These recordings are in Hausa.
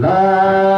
La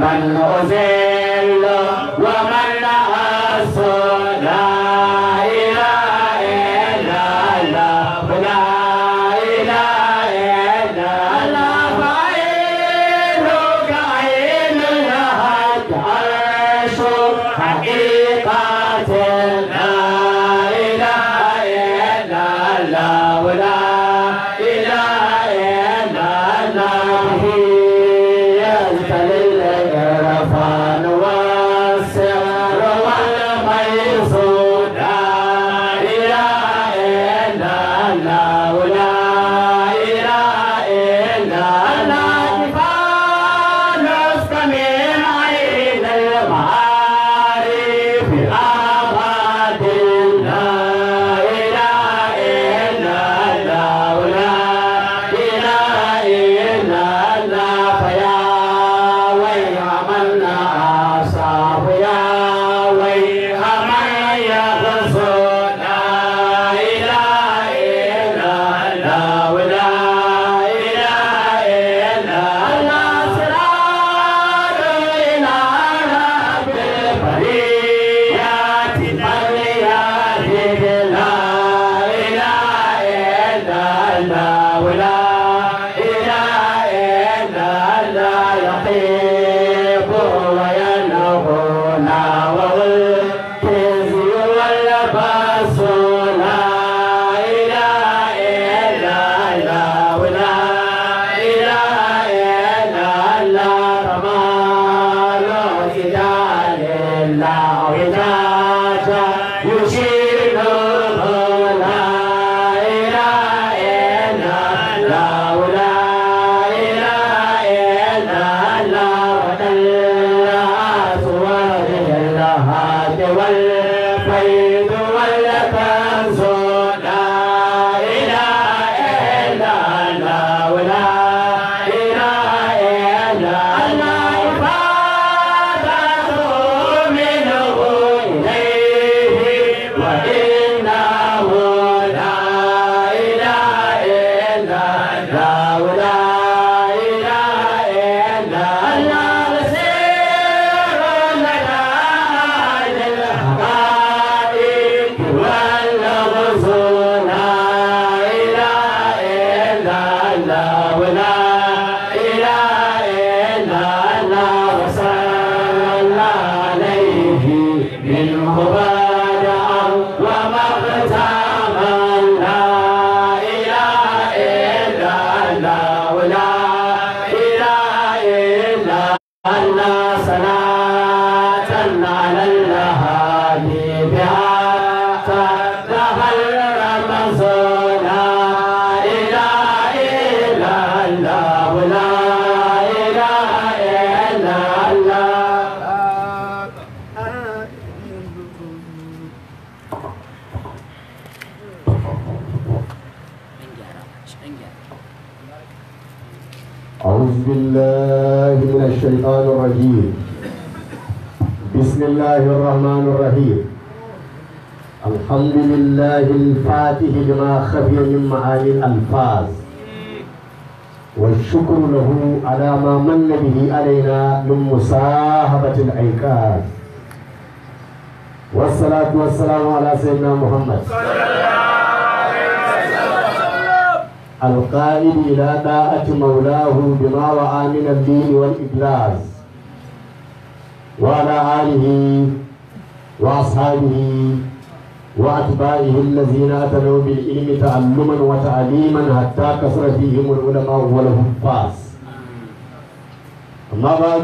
万能税 الفاتح لما خفي من معاني الألفاظ والشكر له على ما من به علينا من مصاحبة الأيكاد والصلاة والسلام على سيدنا محمد القائد إلى طاعة مولاه بما وعى من الدين والإبلاس وعلى آله وأصحابه وأتباعه الذين أتلوا بالعلم تعلما وتعليما حتى كثر فيهم العلماء والحفاظ أما بعد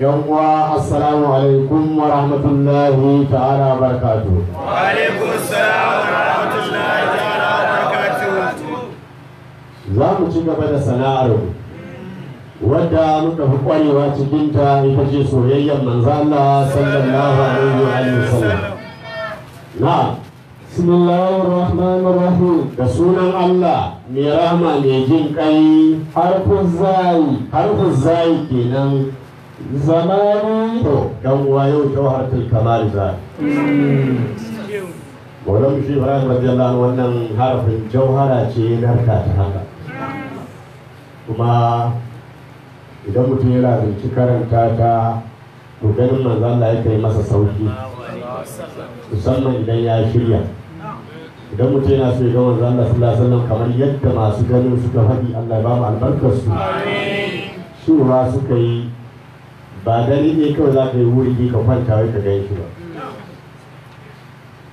يوم السلام عليكم ورحمة الله تعالى وبركاته وعليكم السلام ورحمة الله تعالى وبركاته زامو تشيكا بدا سنارو wadda muka fi kwarewa cikinta ita ce soyayyar manzo Allah sallallahu alaihi wa sallam na bismillahir rahmanir rahim da sunan Allah mai rahama mai jin kai harfin zai harfin zai kenan zamani to dan uwa yau jawharatul kamal zai wannan shi Ibrahim radiyallahu wannan harfin jauhara ce narka ta haka kuma idan mutum yana bincika karanta ta to ganin manzo Allah yake masa sauki musamman idan ya shirya idan mutum yana so ya ga wanzu Allah sallallahu alaihi kamar yadda masu ganin suka faɗi Allah ya ba mu albarkar su cewa suka yi ba gani ne kawai za ka yi wuri ka kwanta wai ka gan shi ba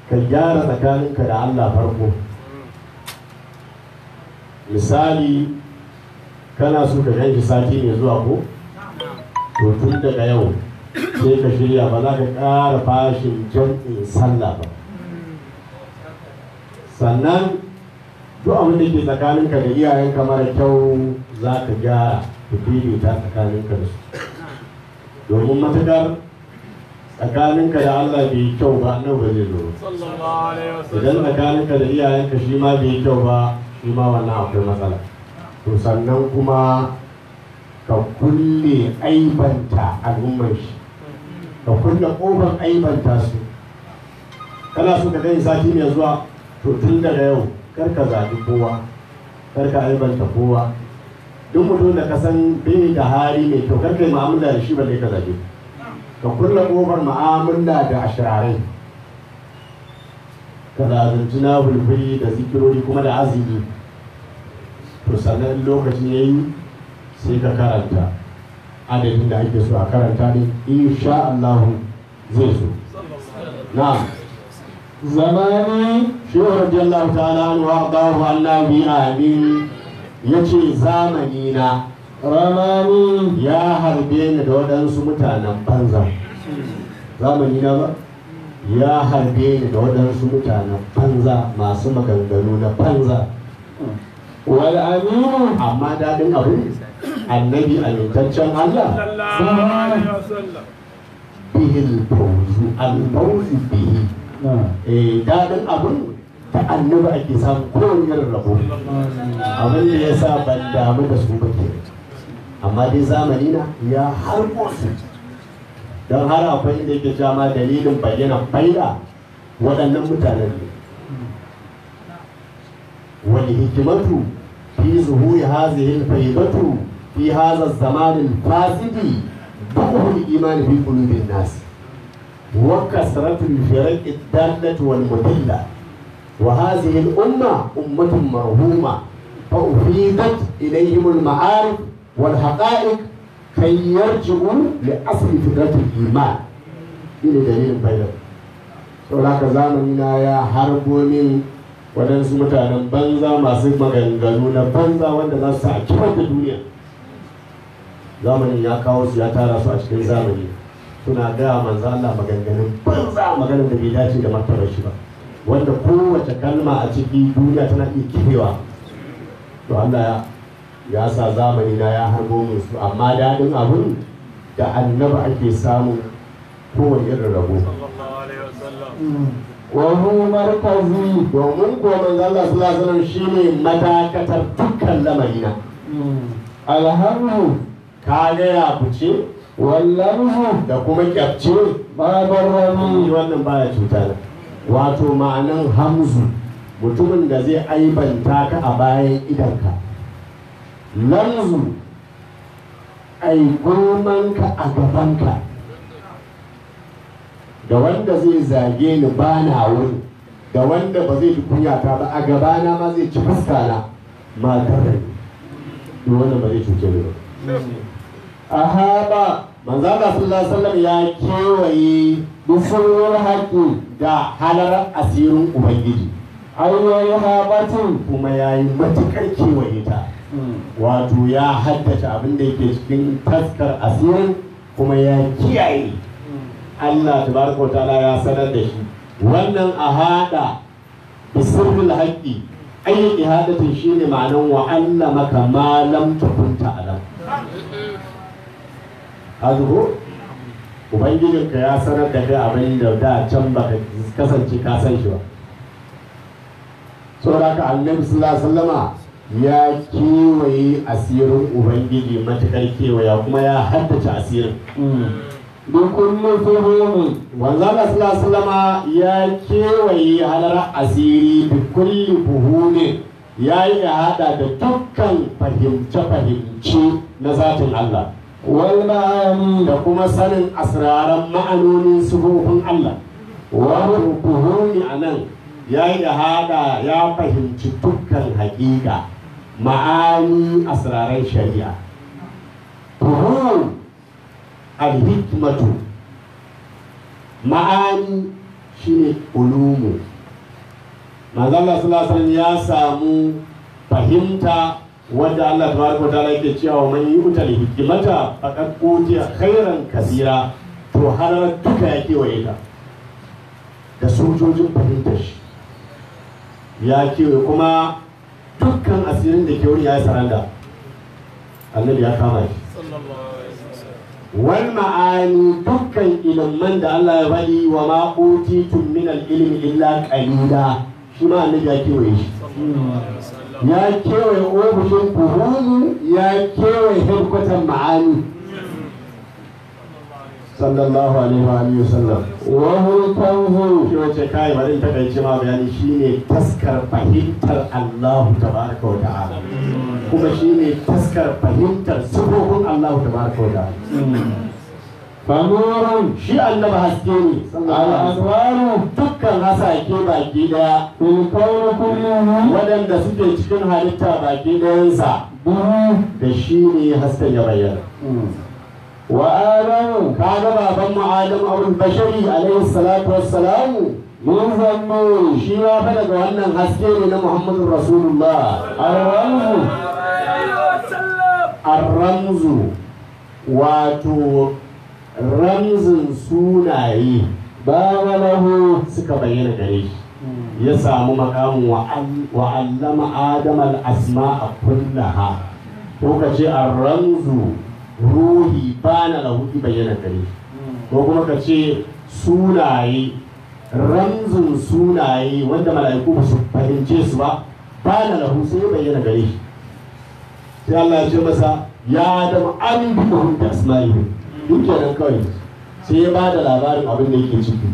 ka gyara tsakaninka da Allah farko misali kana so ka gan shi sati mai zuwa ko to tun daga yau sai ka shirya ba za ka ƙara fashin can in sallah ba sannan duk abin da ke tsakaninka da iyayenka mara kyau za ka gyara ku ta tsakaninka da su domin matuƙar tsakaninka da Allah bai kyau ba nan ba zai zo idan tsakaninka da iyayenka shi ma bai kyau ba shi ma wannan akwai matsala to sannan kuma ka kulle aibanta al'ummar shi ka kunna ƙofar aibanta su kana so ka gani sati mai zuwa to tun daga yau kar ka zaɓi kowa kar ka aibanta kowa duk mutum da ka san bai da hari mai kyau kar kai mu'amala da shi ba ka zaɓi ka kunna ƙofar mu'amala da ashirarai ka zazanci na hulhuri da zikirori kuma da azumi to sannan lokacin ya yi sai ka karanta adadin da ake so a karanta ne insha Allahu zai so na zamani shi radiyallahu ta'ala an waqahu Allah bi amin yace zamani na ramani ya harbe ni da waɗansu mutanen banza zamani na ba ya harbe ni da waɗansu mutanen banza masu maganganu na banza wal aminu amma daɗin abu annabi amintaccen Allah bihil bauzu albauzu bihi eh, daɗin abin ta annabi ake samun kowane rabo abin da ya sa ban damu da su ba ke amma dai zamani na ya harko su don har akwai da ke jama dalilin bayyana faida waɗannan mutanen ne wani hikimatu fi zuhuri hazihin faidatu fi hadha zamanin fasidi buhul imani fi qulubin nas wa kasratul firaq ad-dallat wal mudilla wa hadhihi al-umma ummatun marhuma fa ufidat ilayhim al-ma'arif wal haqa'iq kay yarji'u li asli fitratil iman ina dalilin bayan saboda zamani na ya harbo min waɗansu mutanen banza masu maganganu na banza wanda za su kifar da duniya zamanin ya kawo su ya tara su a cikin zamani suna gaya manzo Allah maganganun banza maganar da bai dace da martabar shi ba wanda kowace kalma a ciki duniya tana iya kifewa to Allah ya sa zamani na ya harbo mu su amma dadin abun da annaba ake samu kowane irin rabo wani markazi domin manzo Allah sallallahu alaihi wasallam shine matakatar dukkan lamarina hmm. alhamdulillah ka gaya ku ce wallahu da kuma kyafce babar rami wannan baya cuta da wato ma'anan hamzu mutumin da zai aibanta ka a bayan idanka lanzu ai gulmanka a gabanka da wanda zai zage ni ba na wuri da wanda ba zai kunyata ba a gabana ma zai ci fuska na matar da ni wannan ba zai cuce ni ba ahaba manzo sallallahu alaihi ya kewaye dufuwar haƙi da halar asirin ubangiji ayoyi habatin kuma ya yi matuƙar kewaye ta wato ya haddace abin da yake cikin taskar asirin kuma ya kiyaye Allah tabaraka wa ta'ala ya sanar da shi wannan a haɗa bisirrul haƙi ayyuki shine ma'anan wa kama lam takunta alam ubangijin ka ya sanar da kai abin da da can baka kasance ka san shi ba da ka annabi sallallahu alaihi wasallama ya kewaye asirin ubangiji matukar kewaya kuma ya haddace asirin dukkan nufuhumi wanzu Allah sallallahu alaihi ya kewaye halar asiri da kulli ne, ya yi hada da dukkan fahimce-fahimce na zatin Allah wal da kuma sanin asraran ma'anonin sufofin Allah wa a anan ya yi hada ya fahimci dukkan hakika ma'ani asraran shari'a tuhum al ma'ani ma'ani shine ulumu mazalla sallallahu ya samu fahimta wanda Allah tabaraka ta'ala yake cewa man yu'tal hikmata faqad utiya khairan kasira to har duka ya kewaye ta da sojojin fahimtar shi ya kewaye kuma dukkan asirin da ke wuri ya yi saranda annabi ya kama shi wal ma'ani dukkan ilimin da Allah ya bari wa ma utitum min al-ilmi illa qalila shi ma annabi ya kewaye shi ya kewaye ofishin buhuzu ya kewaye hirkutan ma'ani sallallahu alaihi wa sallam wa hulkanhu shi wace kai ba zai takaice ma bayani shine taskar fahimtar Allah tabaraka wa ta'ala kuma shine taskar fahimtar sifofin Allah tabaraka wa ta'ala Fanorin shi annaba haske ne al'anwaru dukkan hasake baki daya filkauru kulluhu waɗanda suke cikin halitta baki dayansa da shi ne hasken ya bayyana wa adamu ga baban mu adamu abul bashari alaihi salatu wassalamu mun zammo shi ma fa daga wannan haske ne na muhammadu rasulullah arramzu arramzu wato ramzin sunaye ba lahu suka bayyana gare shi ya samu makamin wa allama adam al-asma a kullaha ko ka ce a ramzu ruhi ba na lahu bayyana gare shi ko kuma ka ce sunaye ramzin sunaye wanda mala'iku ba su fahimce su ba ba na lahu sai ya bayyana gare shi sai Allah ya ce masa ya adam an bi da asma'ihim nan kawai sai ya ba da labarin abin da yake ciki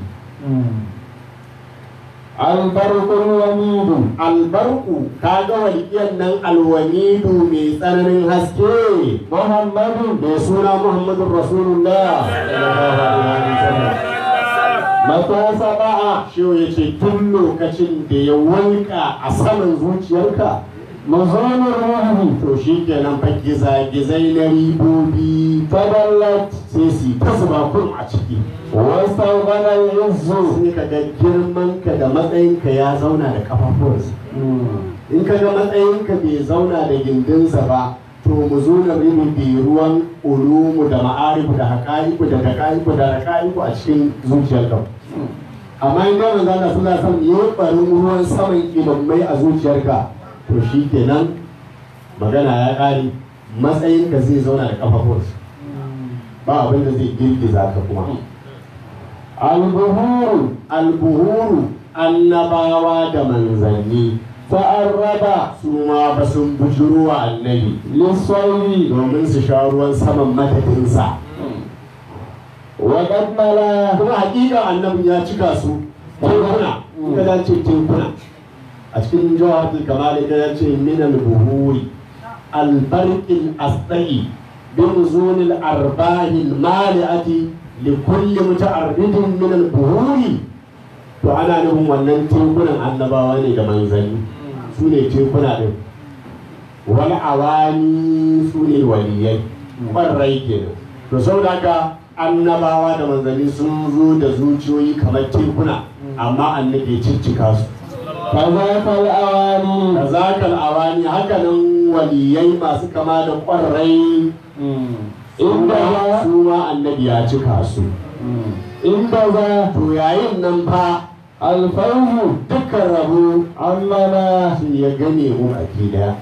albarkun wamidu albarku Ka ga walƙiyar nan alwamidu mai tsananin haske muhammadu mai suna muhammadun rasulullah matasa ba'a shi ya ce tun lokacin da ya wanka a saman zuciyarka mazanin rahu to shi kenan fa gizai na ribobi fadallat sai su ta kun a ciki wasan ganar yanzu sai ka ga girman ka da matsayinka ya zauna da kafafuwarsa hmm. in ka ga matsayinka bai zauna da gindinsa ba to mu zo da mu bi ruwan ulumu da ma'arifu da haƙa'iku da haƙa'iku da haƙa'iku a cikin zuciyarka hmm. amma in ga manzo Allah sallallahu alaihi wasallam ya barin ruwan saman ilmai a zuciyarka to shi kenan magana ya ƙare ka zai zauna da ƙafafunsu ba abin da zai girgiza ka kuma albuhuru albuhuru annabawa da manzanni fa'arraba su ma basun sun annabi lissauri domin su sha ruwan saman madadinsa wa kammala kuma hakika Annabi ya cika su tekuna ita ce tekuna a cikin jawahar kamal ita ya ce minal buhuri albarkin asdai bin zunil arbahil mali'ati li kulli muta'arridin minal buhuri to ana nufin wannan tekunan annabawa ne da manzanni su ne tekuna din wal awani su ne waliyai ƙwarai kenan to saboda haka annabawa da manzanni sun zo da zuciyoyi kamar tekuna amma annabi ciccika su kazakal awani kazakal awani hakanan waliyai masu kama da ƙwarai hmm. inda za su ma annabi ya cika su hmm. inda za to yayin nan fa alfaihu dukkan rabu amma na ya gane mu a gida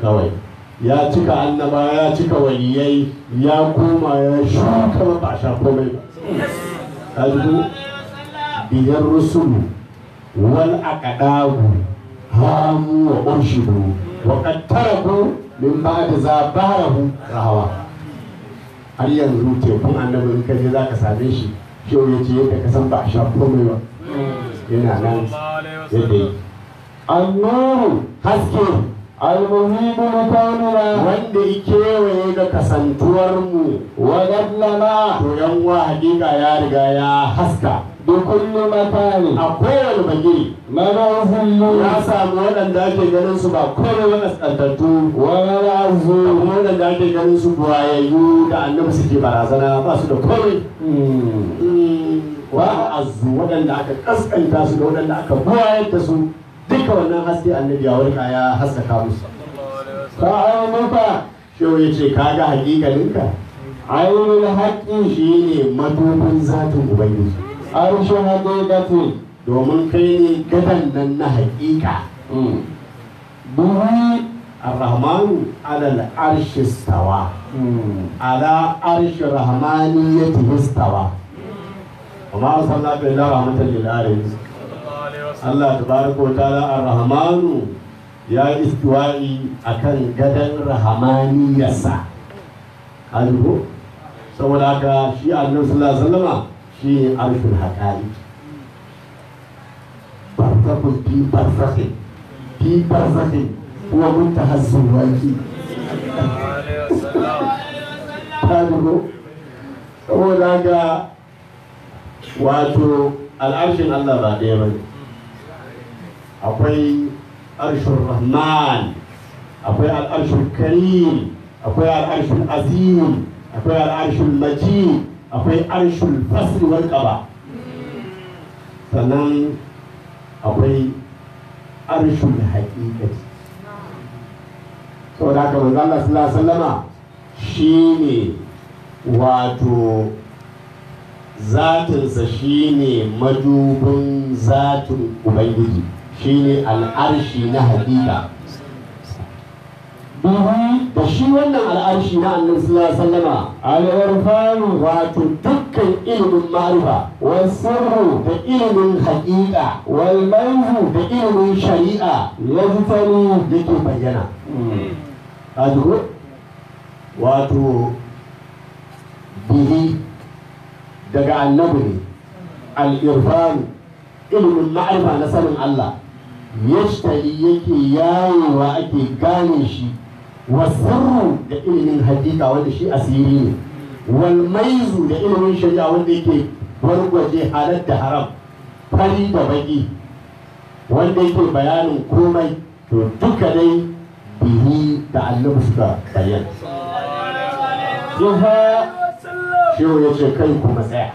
kawai ya cika annaba ya cika waliyai ya koma ya shuka ba sha komai ba biyar rusulu wal aqdabu hamu wa urshidu wa qad taraku min ba'd zabarahu rahawa har yanzu tekun annabi in kaje zaka same shi shi ya ce yadda ka san ba a sha komai ba yana nan yadda yi annuru haske almuhimu mutanuna wanda ya kewaye ga kasantuwarmu. mu wa to yan wa hakika ya riga ya haska bikulli matani a kowane bagiri mana hullu ya samu waɗanda ake ganin su ba kome wani tsantattu wani razu kuma waɗanda ake ganin su buwayayyu da annabi suke barazana ba su da kome hmm. wa azu waɗanda aka kaskanta su da waɗanda aka buwayar da su duka wannan haske annabi ya warka ya haskaka musu ka maka shehu ya ce kaga hakikaninka ainihin haƙƙin shi ne matofin zatin ubangiji arshin haqiqati domin kai ne gadan nan na haƙiƙa buhi الرحمن arshi العرش استوى على عرش رحمانيته استوى وما أرسلنا إلا رحمة للعالمين Allah tabaraka ko Tala ar-rahmanu ya istiwa'i akan gadan rahmaniyarsa. Kaji ko? Saboda haka shi annabi sallallahu alaihi shi ne arshul haƙari barzakun fi barzakin fi barzakin kuma mun ta hassun waki ta dubu saboda ga wato al'arshin Allah ba ɗaya ba ne akwai arshin rahman akwai al'arshin karim akwai al'arshin azim akwai al'arshin majid akwai arshul fasl wal qaba sannan akwai arshul haqiqati saboda ka manzo Allah sallallahu alaihi wasallama shine wato zatinsa shine madubin zatin ubangiji shine al'arshi na haƙiƙa da shi wannan al'arshi na annabi sallallahu sallama. wasallama wato dukkan ilimin ma'rifa wal sirru da ilimin haƙiƙa. wal manhu da ilimin shari'a da yake bayyana hmm. kaji wato bihi daga annabi ne al ilimin ma'rifa na sanin Allah yashtari yake yayewa ake gane shi wasarru da ilimin hakika wanda shi asiri ne wal maizu da ilimin shari'a wanda yake gwargwaje halar da haram fari da baki wanda yake bayanin komai to duka dai biyu da annabi suka bayan jiha shehu ya ce kai kuma tsaya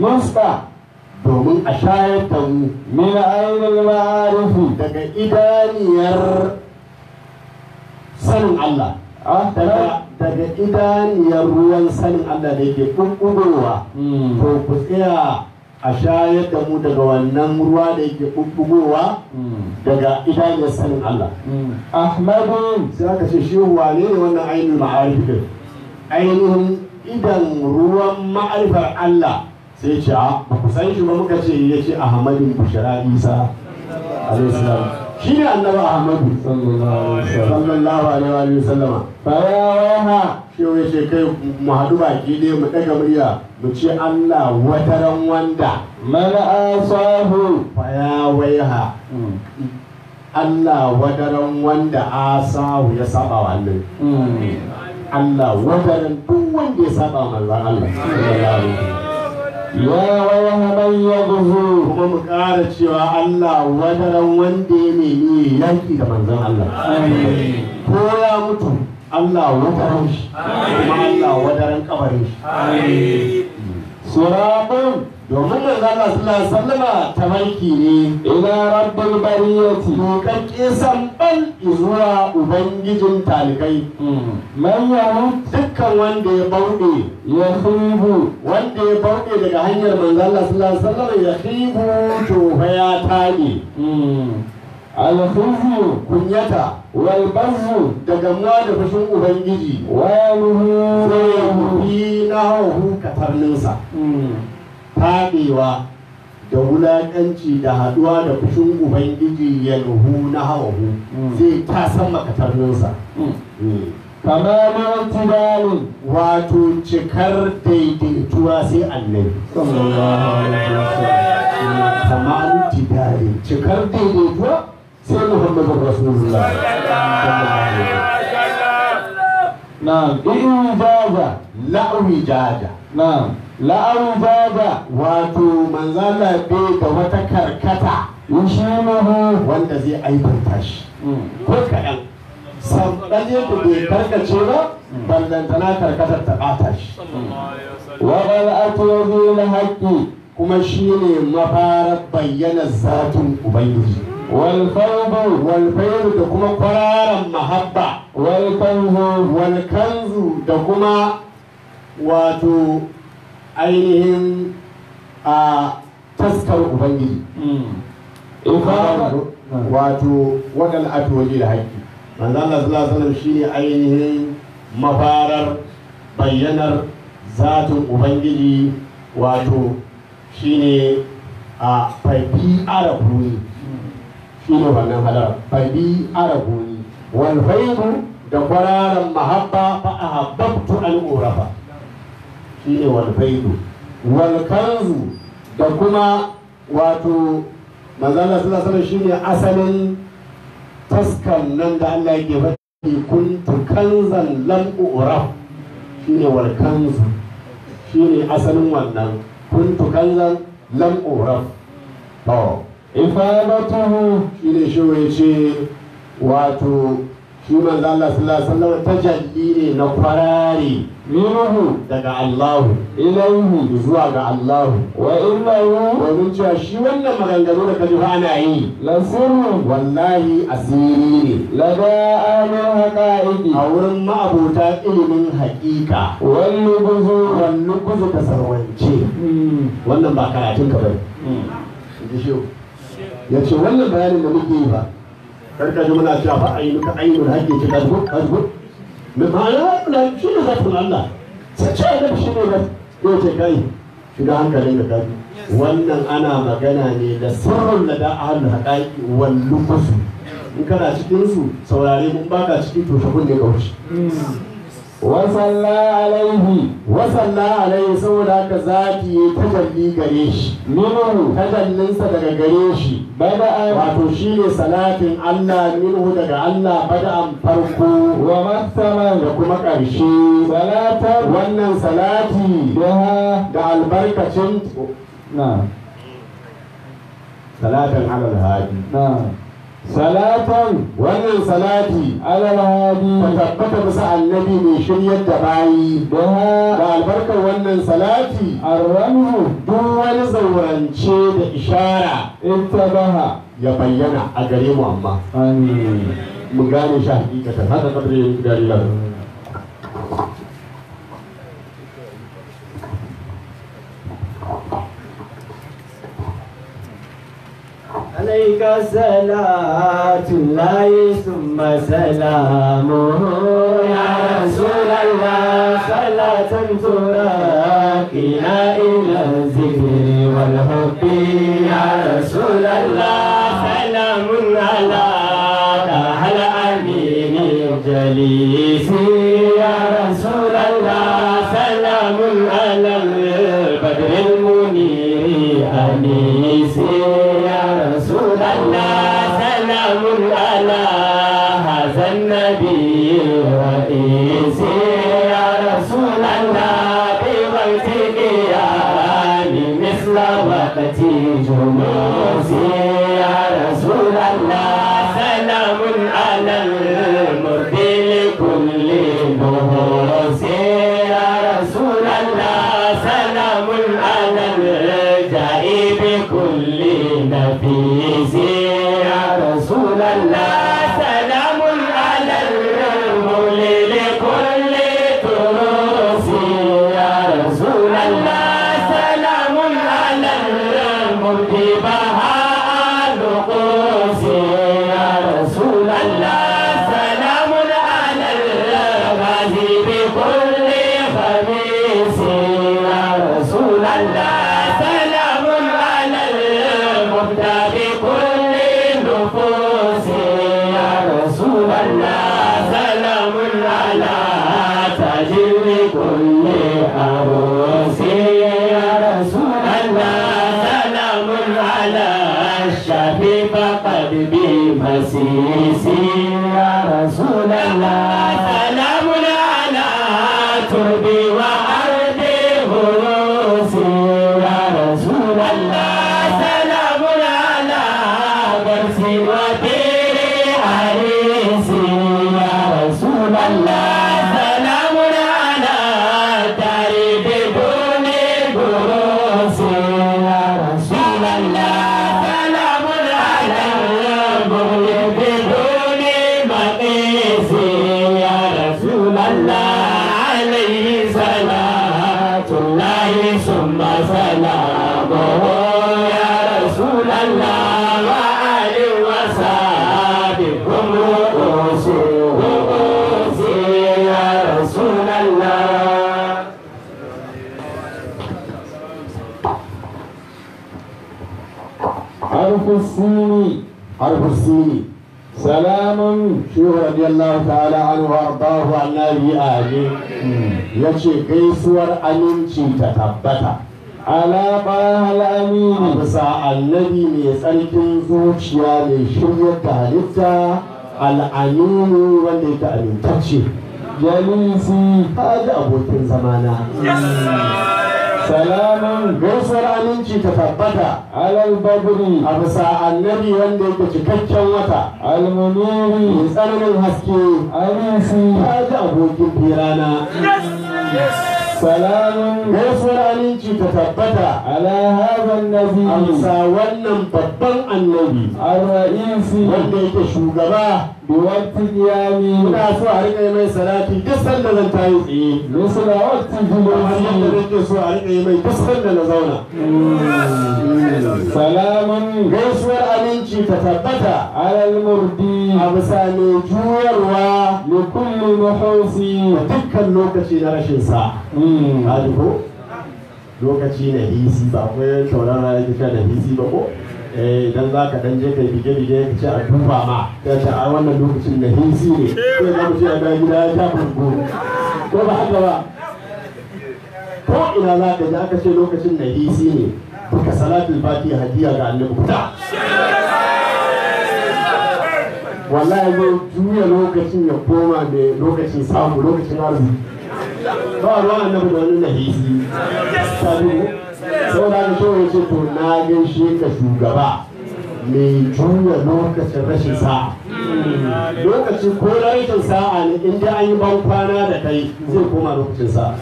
musta domin a shayar da mu min ainihin ma'arifi daga idaniyar sanin Allah daga idaniyar ruwan sanin Allah da yake kukkugowa ko hmm. ku tsaya a shayar da mu daga wannan ruwa da yake ƙuƙugowa, hmm. daga idaniyar sanin Allah hmm. ahmadu sai aka ce shi wane ne wannan ainihin ma'arifin ainihin idan ruwan ma'arifar Allah sai ce a ah, ba ku san shi ba muka ce ya ce ahmadin bushara isa alaihi shi ne Annaba ahmadu sallallahu alaihi wa sallama fa ya waiha shi wai shi kai mu hadu baki ne mu ɗaga murya mu ce Allah wataran wanda mana asahu fa ya waiha hmm. Allah wataran wanda asahu ya saba wa Allah hmm. Allah wataran duk wanda ya saba wa Allah ya waya man kuma mu ƙara cewa Allah wadaran wanda ya nemi yaki da manzon Allah ko ya mutu Allah wadaran shi kuma Allah wadaran kabarin shi surabun domin manzo Allah sallallahu sallama ta ne ina rabbil bariyati to kakke samban zuwa ubangijin talikai hmm. manyan dukkan wanda ya bauɗe ya hibu wanda ya bauɗe daga hanyar manzala suna sallallahu alaihi ya hibu to fa ya tabe hmm. alhuzu kunyata walbazu da gamuwa da fushin ubangiji waluhu sai ya hufi na hauhu katarninsa hmm. kamewa da wulaƙanci da haɗuwa da fushin ubangiji ya nuhu na hawahu hmm. zai ta san makatarninsa tamamin hmm. hmm. tibalin wato cikar daidaituwa sai annabi tamamin tibalin cikar daidaituwa sai muhammadu rasulullah na ɗin jaja la'uwi jaja na la'an wato manzala da wata karkata yushimuhu wanda zai aibanta shi mm. ko kaɗan sam ɗan bai karkace ba mm. ballantana karkatar ta ɓata shi wa bal'atuhu na haƙƙi kuma shi ne mafarar bayyana zatin ubangiji والفوض walfairu da kuma kwararan mahabba والكنز walkanzu da kuma wato ainihin a taskar ubangiji mm. wato waɗal atoji da haƙƙi manzo Allah sallallahu alaihi wasallam shine ainihin mafarar bayyanar zatin ubangiji wato shine a Faifi fabi Shi ne wannan halar fabi arabuni wal faidu da kwararan mahabba fa ahabbtu an urafa shi ne walfaidu walkanzu da kuma wato manzana suna sanar shi ne asalin taskan nan da Allah yake faɗi kuntu kanzan lam uraf shi ne walkanzu shi ne asalin wannan kuntu kanzan lam uraf to ifadatuhu shi ne shi wato shi manzo Allah sallallahu alaihi wasallam tajalli ne na kwarari minhu daga Allah ilaihi zuwa ga Allah wa illahu wa mun cewa shi wannan maganganu da kaji fa ana yi la sirru wallahi asiri ne la ba haka haqaiqi a wurin ma'abuta ilimin haqiqa wal nubuzu wal nubuzu sarwance hmm. wannan ba karatun ka bane hmm. ya ce wannan bayanin da muke yi ba karka ji muna cewa ba a yi muka ainihin haƙƙi ta kasbu kasbu mai ma'ana na shi ne zafin Allah sai ce da shi ne ba ko ce kai shiga hankalin da kasbu wannan ana magana ne da sirrin da da ahal haƙaƙi wallu kusu in kana cikin su saurare mun baka cikin to shagun ne ka wuce wasalla alaihi wasalla alaihi saboda haka za ki yi tajalli gare shi minhu tajallinsa daga gare shi bada wato shi ne salatin Allah minhu daga Allah bada'an farko wa masala da kuma ƙarshe salatar wannan salati da albarkacin na salatan alal hadi na salatan wannan salati alalhadi Ka tabbata bisa annabi mai shiryar da bayi da albarkar wannan salati arramu duk wani zaurance da ishara baha ya bayyana a gare mu amma mun gane shi hakikatan haka kadar yin عليك صلاة الله ثم سلامه يا رسول الله صلاة تراقينا القدسي رسول الله سلام على تربيه sallallahu alaihi ali ya ce gaisuwar aminci ta tabbata alama al'amini bisa annabi mai tsarkin zuciya mai shiryar da halitta al'amini wanda ya amintacce jalisi ta abokin zamana salamun gaisuwar aminci ta tabbata alal badri a bisa annabi wanda yake cikakken wata almuniri mai tsananin haske anisi ta ji abokin firana salamun Gaisuwar aminci ta tabbata ala hazan nabi amsa wannan babban annabi ar-ra'isi wanda yake shugaba biwatti qiyami ina so a rika mai salati duk sanda zan ta tayi tsaye nusra waqti jumu'ati wanda nake so a rika mai duk sanda na zauna salamun gaisuwar aminci ta tabbata alal murdi a bisa mai juyarwa li kulli mahausi dukkan lokaci na rashin sa hmm. ka ji lokaci na hisi ba akwai shauran rana yake da hisi ba ko eh, idan za ka dan je kai bige bige ka ce a duba ma ta ce a wannan lokacin na hisi ne sai za mu ce a ga gida ya ta burgo ko ba haka ba ko ina za ka ji aka ce lokacin na hisi ne duka salatul fatiha hadiya ga annabi kuta wallahi zai juya lokacin ya koma da lokacin samu lokacin arziki ba ruwa annabi da wani nahisi sabu so da so ya ce to na gaishe ka shugaba mai juya lokacin rashin sa'a lokacin ko rashin sa'a ne in da an yi ban kwana da kai zai koma lokacin sa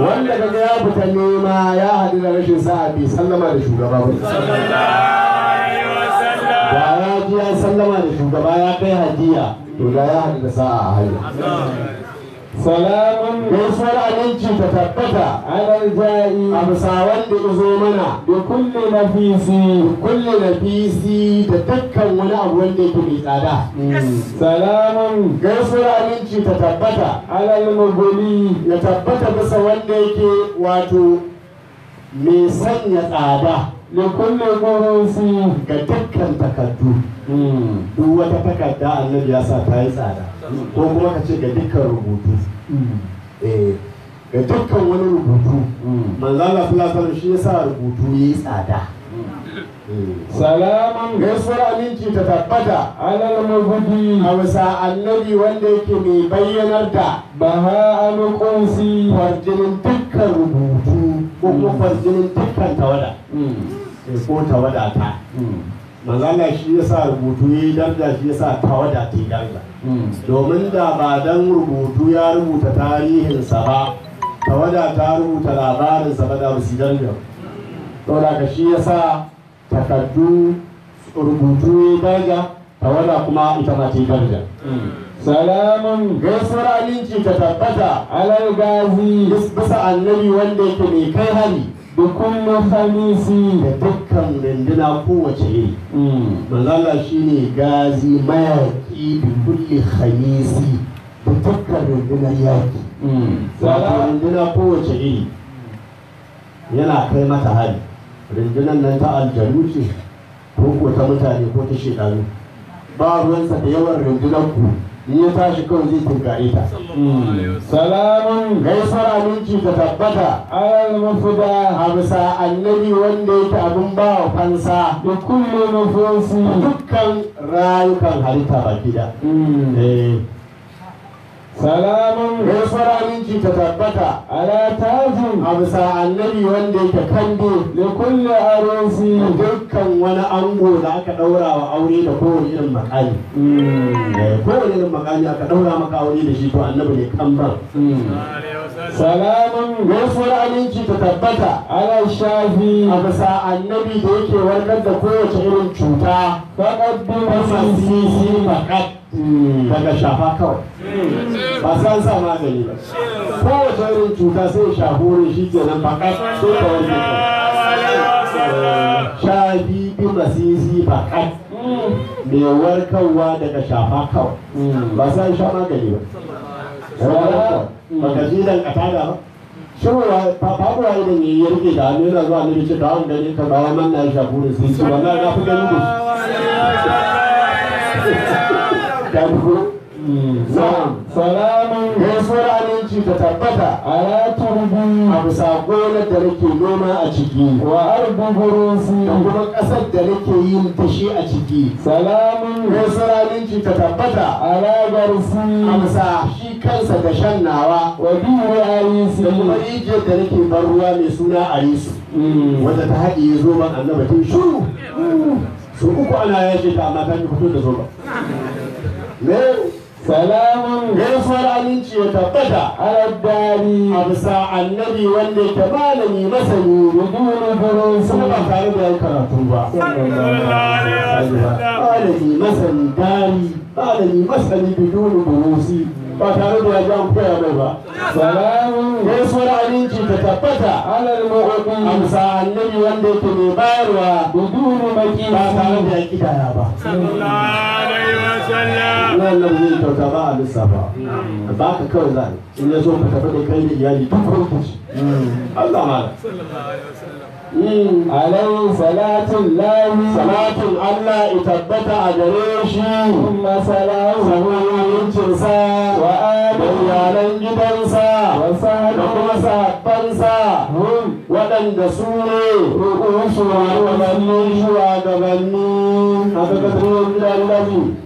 wanda kaga ya fita nema ya haɗu da rashin sa'a bai sallama da shugaba ba da ya ji ya sallama da shugaba ya kai hadiya to da ya hadu da sa'a a hanya salamun gaisuwar aminci ta tabbata alal ja'i a bisa wanda izo mana da kulle na fisi kulle na fisi da dukkan wani abu wanda yake mai tsada salamun gaisuwar aminci ta tabbata alal magoli ya tabbata bisa wanda yake wato mai sanya tsada da kulle gurusi ga dukkan takardu hmm. duk wata takarda annabi ya sa ta yi tsada ko kuma ka ce ga dukkan rubutu hmm. eh, ga dukkan wani rubutu hmm. manzala filasar shi ya sa rubutu ya yi tsada eh. salaman gaisuwar aminci ta tabbata alal mabudi hausa annabi wanda yake mai bayyanar da ha alukunsi farjinin dukkan rubutu ko kuma farjinin dukkan tawada ko tawada ta hmm. manzala shi ya sa rubutu ya yi darda shi ya sa tawada ta yi darda hmm. domin da ba dan rubutu ya rubuta tarihinsa ba tawada ta rubuta labarinsa ba da wasu darda to daga shi ya sa takaddu rubutu ya yi darda tawada kuma ita ma ta yi darda hmm. salamun gaisuwar aminci ta tabbata alal gazi bisa annabi wanda yake mai kai hali da kullum da dukkan rinduna kowace iri hmm. manzala shi ne gazi mayaki da kulle khamisi da dukkan rundunar yaki hmm. wato rinduna kowace iri yana kai mata hari rundunar nan ta aljanu ce ko ko ta mutane ko ta shekaru ba ruwansa da yawan rundunar ku ya tashi kawai zai tunkare ta salamun gaisar aminci ta tabbata alal mafuda a annabi wanda yake abin ba wa fansa da kullum mafosi dukkan rayukan halitta ba gida. Hmm. Eh. Salamun. gaisuwar aminci ta tabbata ala tajin a bisa annabi wanda yake kando da kulle arosi dukkan wani ango da aka daura wa aure da kowane irin makali mm. kowane irin makali aka daura maka aure da shi to annabi ne kambar mm. Salamun. gaisuwar aminci ta tabbata ala shafi a bisa annabi da yake warkar da kowace irin cuta faƙaddin masasisi faƙad Hmm. daga shafa kawai hmm. ba san sa magani ba kowace irin cuta sai shafi wurin shi ke nan kai sai ta wani sha bibi masisi ba kai mai warkarwa daga shafa kawai hmm. ba san sha magani ba ba ka ji dan kata da ba cewa babu wani da mai yarke da hannu yana zuwa ne da ce da wani gani ka ba wannan na shafi wurin sai ci wannan na fi ganin da shi ta fito Na'am, salamun gaisuwar aminci ta tabbata a ya turbi a bisa gonar da nake noma a ciki wa arbuburin su da kuma ƙasar da nake yin tashi a ciki. Salamun gaisuwar aminci ta tabbata a ragar su a bisa shi kansa da shan nawa wa biyu a da kuma rijiyar da nake bar ruwa mai suna a mm. Wanda ta haɗiye zoben annabatin shuru. Mm. Su uku ana yashe ta amma ta fito da ba. salamun gaisuwar aminci ya tabbata aladdari a bisa annabi wanda ta malami masani da duni burin sun ba tare da yan karatu ba malami masani dari malami masani da duni burusi ba tare da ya jan koya mai ba salamun gaisuwar aminci ta tabbata alal mu'min a bisa annabi wanda ta mai bayarwa da duni maki ba tare da ya kidaya ba wannan yin kyauta ba a lissafa ba ka kawai za in ya so ka tafi da kai da iyali duk rubuci Allah ma alayhi hmm. salatun lahi salatun Allah ya tabbata a gare shi kuma salamu sahuhincinsa wa adalan gidansa wasa. da kuma sahabbansa waɗanda su ne rukunsu wa gabanni shuwa gabanni a kakatuwar gidan lafi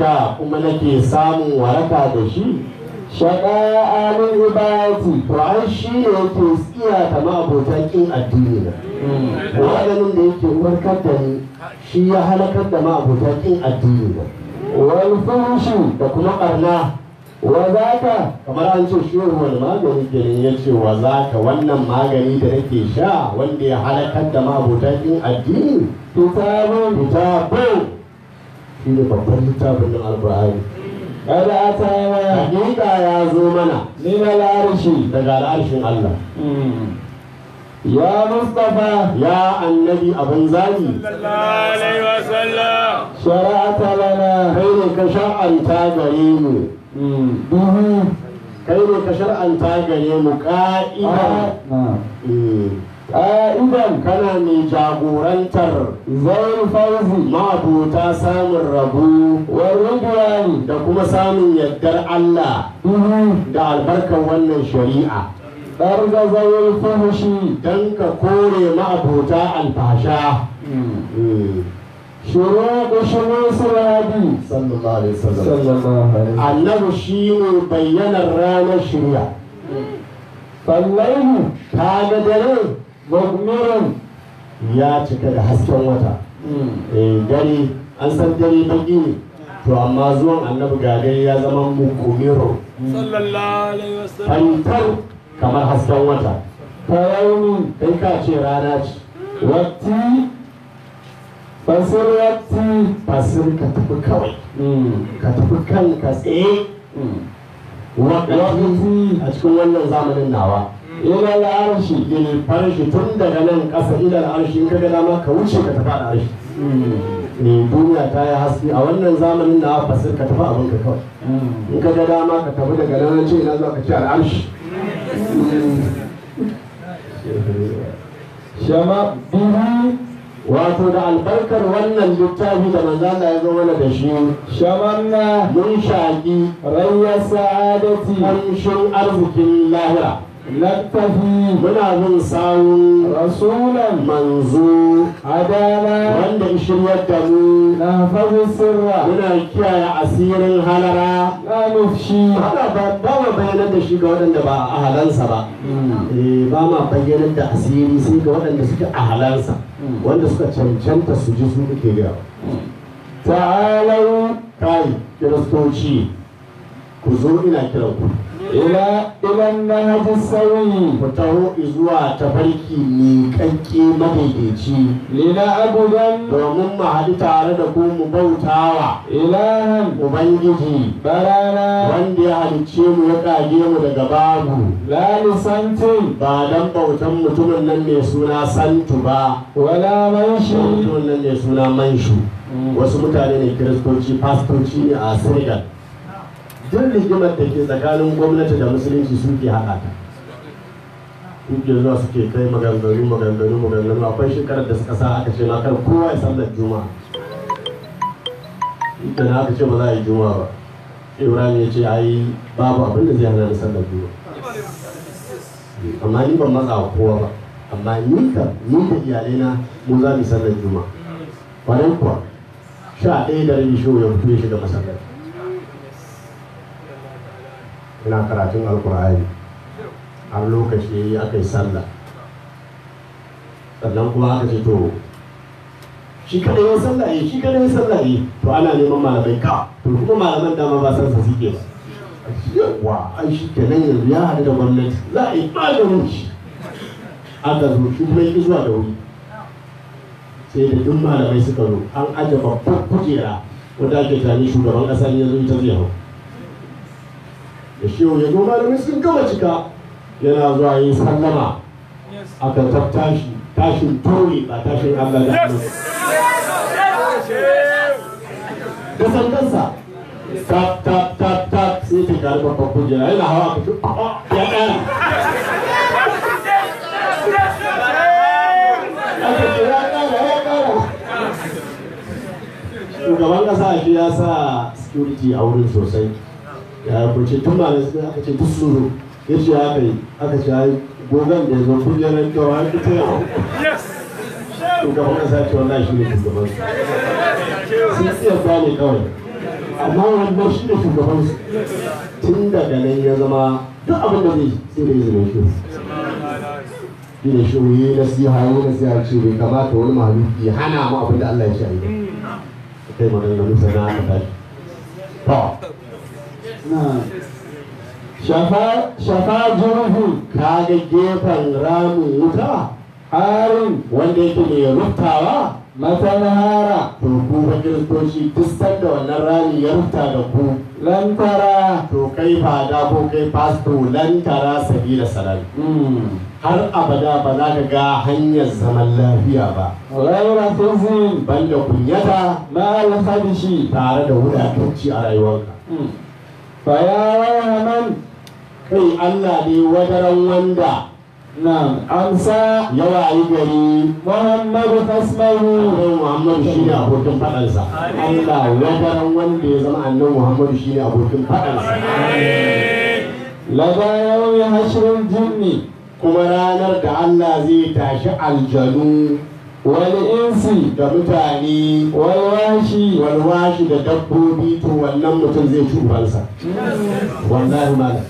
sha kuma nake samun waraka da shi shaƙa alin ibati to an shi ne yake tsiya kama ma'abota kin addini na maganin hmm. da yake warkar da ni shi ya halakar da ma'abota kin addini na wal fushi da kuma ƙarna wa zaka kamar an ce shi wani magani kenan ya ce wa zaka wannan magani da nake sha wanda ya halakar da ma'abota kin addini ta ko shi ne babban littafin nan alkur'ani kada ata hakika ya zo mana ni na larishi daga larishin Allah hmm. ya mustafa ya annabi abin zani shara'ata lana kai ne ka shar'anta gare mu hmm. kai ne ka shar'anta gare mu ka'ida ah, ah. Hmm. ƙa'idan kana mai jagorantar zaun fauzi ma'abota samun rabu wani da kuma samun yardar Allah da albarkar wannan shari'a ɗarga zaun fahushi don ka kore ma'abota alfasha hmm. Hmm. shuru shuru sirabi sallallahu shi ne bayyanar ranar shirya hmm. fallaihu ta ga dare gwagmaran ya cika da hasken wata Gari hmm. eh, an san dare baki ne to amma zuwan annabi Gagai ya zama mukumiro hmm. fantar kamar hasken wata kayaunin kai ka ce rana ce wati fasir wati fasir ka tafi kawai hmm. ka tafi kan ka tsaye wati a cikin wannan zamanin nawa ila la arshi ilal farshi tun daga nan ƙasa ilal arshi in kaga dama ka wuce ka tafi arshi hmm. ne duniya ta yi haske a wannan zamanin na aka fasir ka tafi abin ka kawai hmm. in ka ga dama ka tafi daga nan ce ina zuwa ka ci al'arshi hmm. shama bihi wato da albarkar wannan littafi da manzala ya zo mana da shi shamanna mun shaƙi rayuwar sa'adati hamshin arzikin lahira lattafi muna bin sawun rasulan manzu. adana. wanda shiryar da mu na fazi sirra muna kiyaye asirin halara na ba ba ma bayanar da shi ga waɗanda ba a halansa ba ba ma bayyanar da asiri sai ga waɗanda suke a halarsa wanda suka cancanta su ji su kiristoci ku zo ina kiranku. ila ilan manhajin sauyi ku taho zuwa tafarki ne kanke madaidaici lina abubuwan domin mu haɗu tare da ku mu bautawa ilahan ubangiji barana wanda ya halicce mu ya ƙage mu daga babu lani santin ba dan bautan mutumin nan mai suna santu ba wala manshi mutumin nan mai suna manshu mm. wasu mutane ne kiristoci fastoci ne a senegal duk rigimar da ke tsakanin gwamnati da musulunci suke haɗa ta Kuke zuwa suke kai maganganu maganganu maganganu akwai shekarar da suka sa aka ce makar kowa ya sallar juma'a ita na aka ce ba za a yi juma'a ba ibrahim ya ce ai babu abin da zai hana da sallar juma'a amma ni ban matsa kowa ba amma ni ka ni da iyalai na mu za mu sallar juma'a kwanan kuwa sha ɗaya da rabi shi ya fito ya shiga masallaci ina karatun alkur'ani har lokaci ya yi aka yi sallah sannan kuma aka ce to shi kada ya sallah yi eh, shi kada ya sallah yi eh. to ana neman malamai ka to kuma malaman dama ba san sa suke ba yawa an shi kenan yanzu ya haɗu da gwamnati za a yi maganin shi aka zo shi kuma yi zuwa da wuri sai da duk malamai suka zo an aje babban kujera wanda ake tani shugaban ƙasa ne ta ita zai hau da ya zo malamin sun gama cika yana zuwa yin sallama kan tashi tashin tori ba tashin allah da allah da sandansa tap tap tap tap sai ta kari babban kujera yana hawa ka ya kara shugaban kasa shi ya sa security a wurin sosai ya kuce tun ba da sun aka ce duk suru ya ce aka yi aka ce ya gogon da ya zo kun yanar da wani kuce ya shugaban kasa sace wannan shi ne shugaban sun iya ba ne kawai amma wanda shi ne shugaban tun daga nan ya zama duk abin da zai sai da izinin shi shi ne shi yi nasiha yi nasiha ce bai kamata wani mahaluki ya hana mu abin da Allah ya shi a yi kai magana musa na aka tashi shafa jirgin kaga gefen ramin wuta harin wanda yake mai ruftawa matanhara to ku ba kiristoci duk sanda wannan rami ya rufta da ku lantara to kai fada ko kai fasto lantara sabila salami hmm. har abada ba za ka ga hanyar zaman lafiya ba. Raira ban banda kunyata ma alhadishi tare da wadatacci a rayuwarka. Hmm. faya wahaman kai Allah ne wadaran wanda na amsa yawa yi gari Muhammadu fasmahu Annabi Muhammadu shi ne abokin faɗansa Allah wadaran wanda ya zama Annabi Muhammadu shi ne abokin faɗansa Lada yau ya hashirin jinni kuma ranar da Allah zai tashi aljanu Wani insi da mutane wani washi da dabbobi to wannan mutum zai cubansa wallahi malam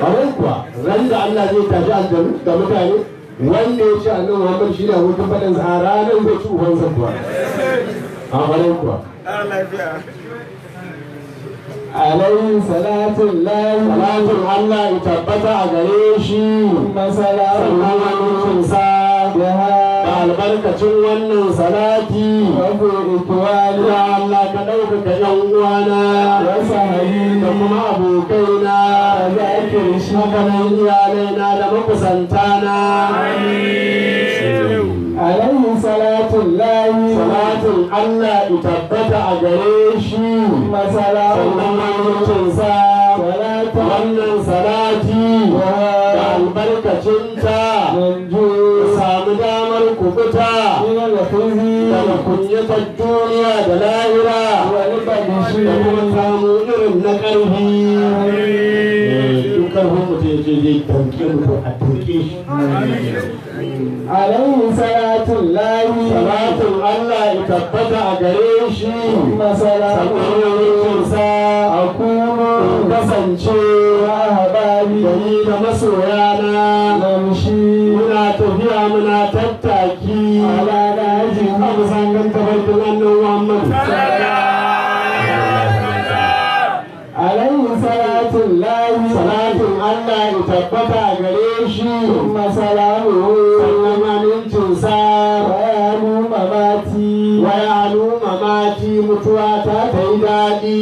wani kuwa ran da Allah zai tashi aljanu da mutane wanda ya ce annabi Muhammad shi ne hutun faɗin sa ranar zai ci ubansa kuwa a wani kuwa alayhi salatun lahi Allah ya tabbata a gare shi masala sannan wani sa albarkacin wannan salati rabu ikwani ya Allah ka ɗaukaka yan uwana ya sahayi da kuma abokaina da ake shi hakanan iyalaina da makusantana alaihi salatun layi salatun Allah tabbata a gare shi masala wannan duniya da lahira da kuma samu irin na ƙarfi eh, dukkan mutum ya ce zai tauke mutum a tauke shi alaihi salatun lahi salatun Allah ya tabbata a gare shi masalatun sa a kuma kasance a habari da masoya tabbata gare shi masalamu sannan amincinsa wayalu mamati wayalu mamati mutuwa ta ta yi daɗi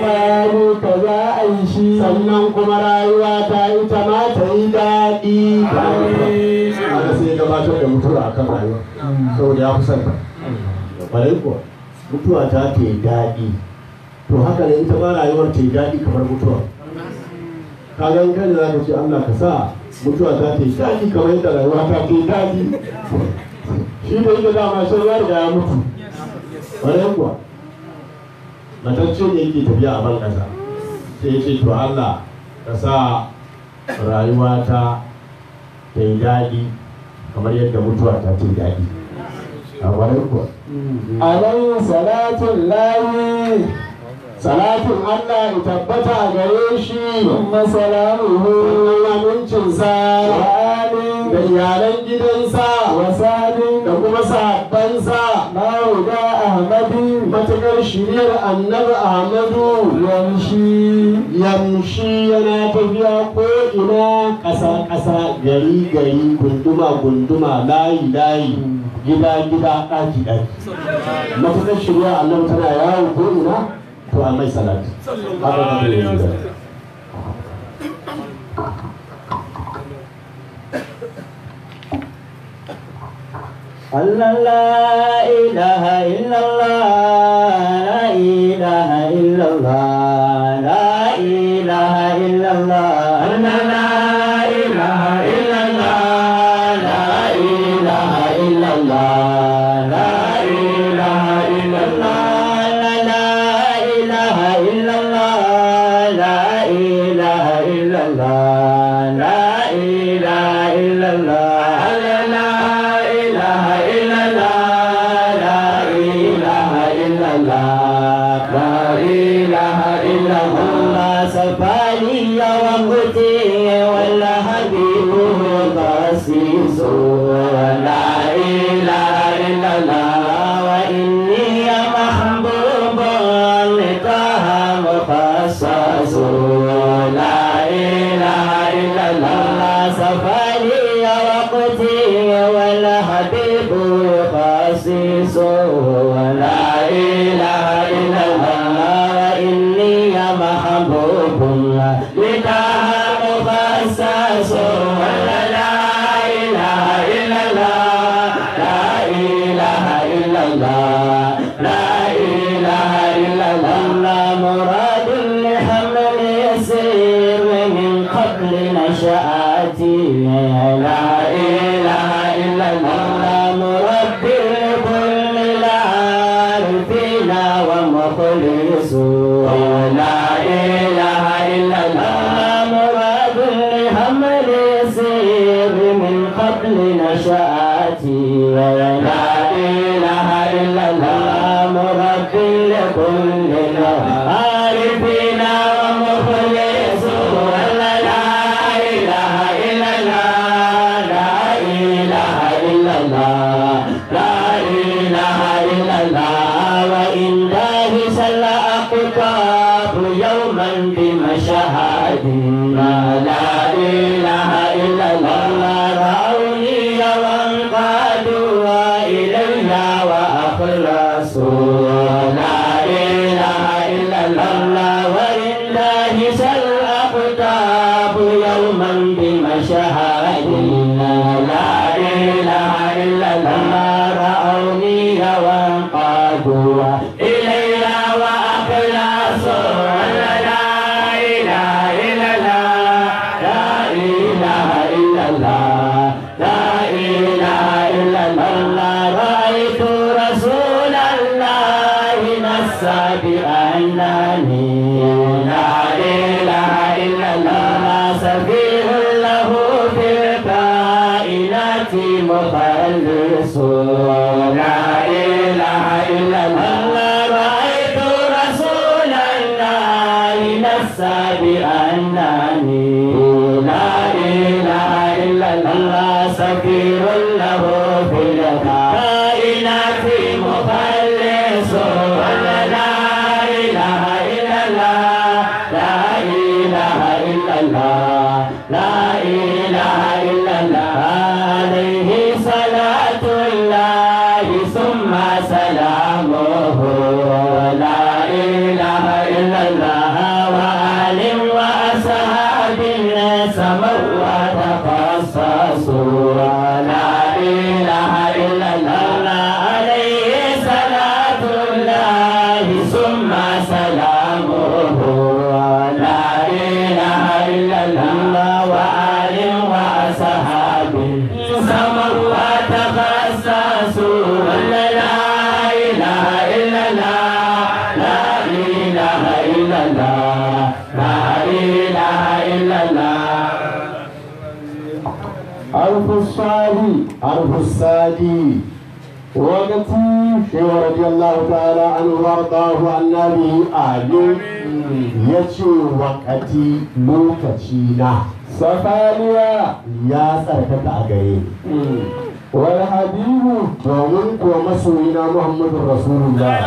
bayalu ka za a yi shi sannan kuma rayuwa ta yi ta ma ta yi daɗi ana sai gabatar da mutuwa a kan rayuwa mm. saboda ya kusanta ƙwarai kuwa mutuwa ta ta yi daɗi to haka ne ita ma rayuwar ta yi daɗi kamar mutuwa ka ga kai da zaka ce Allah ka sa mutuwa ta ta yi kamar yadda rayuwa ta ta yi shi da yake dama sai ya riga ya mutu ƙwarai kuwa matacce ne yake tafiya a ban ƙasa sai ya ce to Allah ka sa rayuwa ta ta yi daɗi kamar yadda mutuwa ta ce yi daɗi a ƙwarai kuwa. Alayhi salatu lahi salatin Allah ya tabbata gare shi kuma salamuhu amincinsa amin da iyalan gidansa wa da kuma sahabbansa mawuda Ahmadu. matakar shiryar annabi ahmadu yamshi yamshi yana tafiya ko ina Kasa-kasa, gari gari gunduma gunduma layi layi gida gida ɗaki ɗaki matakar shirya annabi tana yawo ko ina to amai salati haka na ya shiga Allah la ilaha illallah la ilaha illallah la ilaha illallah Rasulullah حرف الصاد حرف الصاد وقتي شيخ رضي الله تعالى عنه وارضاه عن نبي آدم يشي وقتي لوكتشينا سفاليا يا سركت أجين والحبيب ومنك ومسوينا محمد رسول الله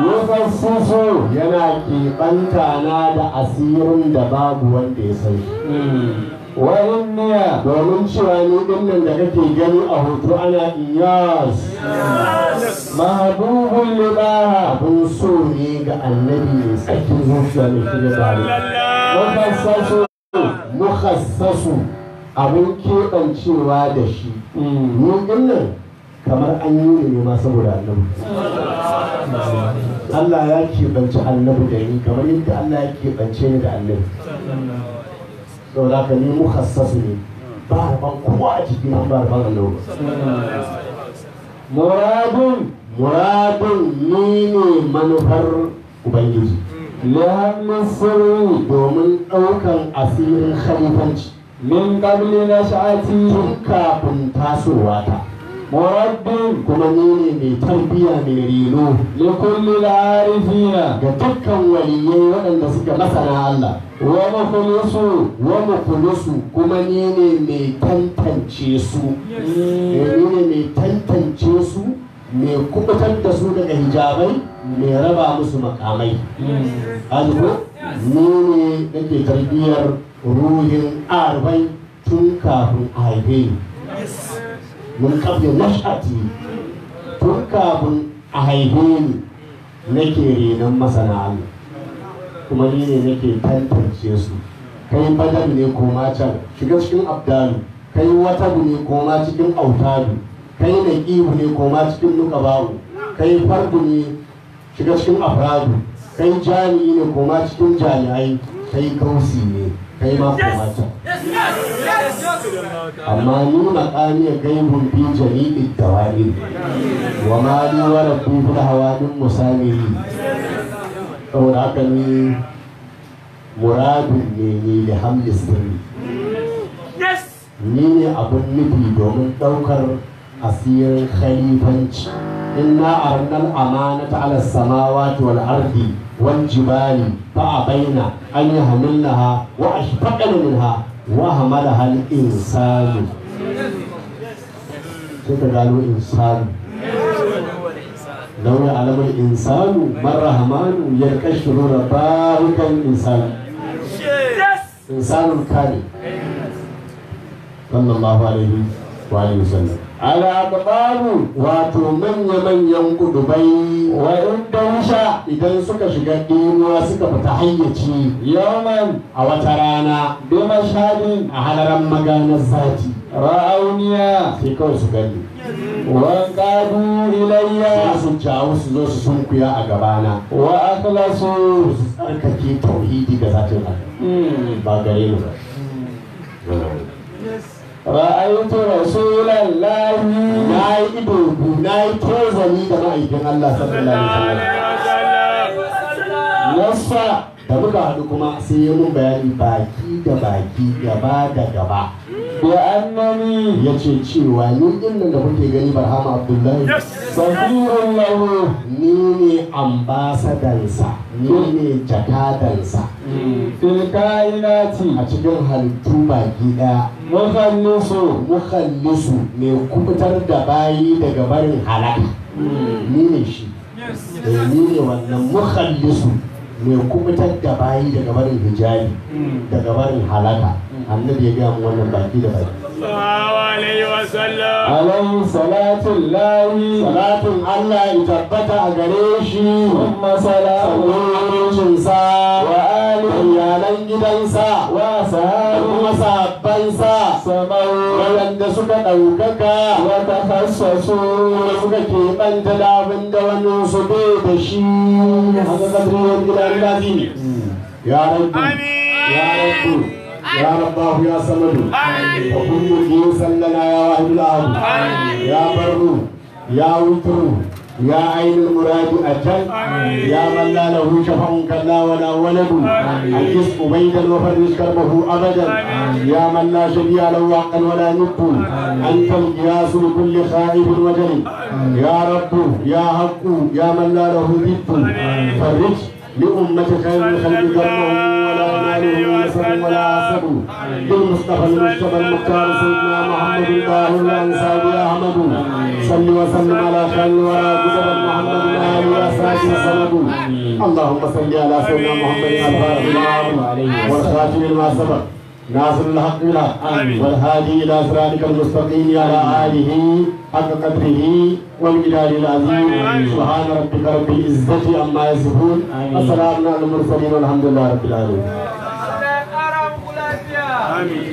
yufassisu yana keɓanta na da asirin da babu wanda ya san shi wa inna domin cewa ni nan da kake gani a hoto ana iyas mahabubun libaha abun so ne ga annabi mai tsakin zuciya mai fiye da mukassasu mukhassasu abun keɓancewa da shi mm. ni nan kamar an yi ne ma saboda annabi Allah ya keɓance annabi da ni kamar yadda Allah ya keɓance ni da annabi to da ka ni mukhassas ne kowa a cikin ba muradun muradun ne manufar ubangiji la masarri domin ɗaukan asirin khalifanci min qabli na tun kafin tasowa ta murabbin kuma ne ne mai tarbiya mai reno li kulli arifina ga dukkan waliyai waɗanda suka masana Allah wa mafulusu. wa mafulusu kuma ne ne mai tantance su eh, Ne ne mai tantance su mai kubutar da su daga hijabai mai raba musu makamai alko ne ne nake tarbiyar ruhin arbai tun kafin a haife min qabli nash'ati tun kafin a haife ni nake renon masana kuma ni ne nake tantance su kai badal ne ko macan shiga cikin abdalu kai watabu ne ko cikin autadu kai naqibu ne koma ma cikin nuqabawu kai fardu ne shiga cikin afradu kai jami'i ne koma cikin jami'ai kai kausi ne kai ma koma can. amma nuna ƙaniyar gaibun fi jami'in wani wa ma ni wa rabbi fil hawadin yi. saboda haka ni muradun ne ne da hamli sirri ni ne abin nufi domin ɗaukar asirin khalifanci inna arnal amanata ala samawati wal ardi wal jibali fa baina. an yahmilnaha wa ashfaqna minha wa hamala hal insanu sai ka gano insanu laula alamar insanu marrahamanu yarkashu nuna barukan insanu insanun kare sallallahu alaihi wa alihi wasallam Ala alaƙaɓaru wato manya-manyan kudubai wa sha idan suka shiga ɗinuwa suka fita hayyaci yawman a wata rana bima shaɗin a halaran maganar zaki ra'auniya sai kawai su gani waƙadu ilayya su jawo su zo su sunkuya a gabana wa akhlasu su tsarkake tauhidi ga zatin hmm. ba gare mu ba hmm. ra'aytu rasulallahi na yi ido na yi tozali da ma'aikin Allah sallallahu alaihi wasallam wasa da muka haɗu kuma sai yi mun bayani baki da baki gaba da gaba wa annani ya ce cewa ni din da kuke gani barham abdullahi safirun lahu ni ne ambasadansa ni hmm. ne jakadansa hmm. fil kainati a cikin halittu baki daya mukhallisu mukhallisu mai kubutar da bayi daga barin halaka hmm. ni ne shi eh, ni ne wannan mukhallisu mai kubutar da bayi daga barin hijabi daga barin halaka annabi ya gaya mu wannan baki da baki alaihi salatun lawi. salatun Allah ya tabbata a gare shi kuma salatun sa wa alihi iyalan gidansa wa sahabi kuma sahabbansa samau waɗanda suka ɗaukaka wa tafassasu suka keɓanta da abin da wani su bai da shi a ga gidan lafi ya rabbi ya rabbi يا رباه يا صمد وكل جلوسا لنا يا واحد العهد يا بر يا وتر يا عين المراد أجل يا من لا له شفع كلا ولا ولد أجس بيدا وفرج كربه أبدا يا من لا شبيع له حقا ولا نب أنت القياس لكل خائب وجل يا رب يا حق يا من لا له ند فرش لأمة خير الخلق قرنهم ولا ينالهم نسب ولا عصب بالمصطفى المجتبى المختار سيدنا محمد الله الأنصاري أحمد صل وسلم على خير الورى كتب محمد الآل وأساته سند اللهم صل على سيدنا محمد الفاتح العظيم والخاتم لما سبق ناصر الحق بالحق والهادي الى صراطك المستقيم على اله حق قدره والمداد العظيم سبحان ربك رب العزه عما يصفون السلام على المرسلين والحمد لله رب العالمين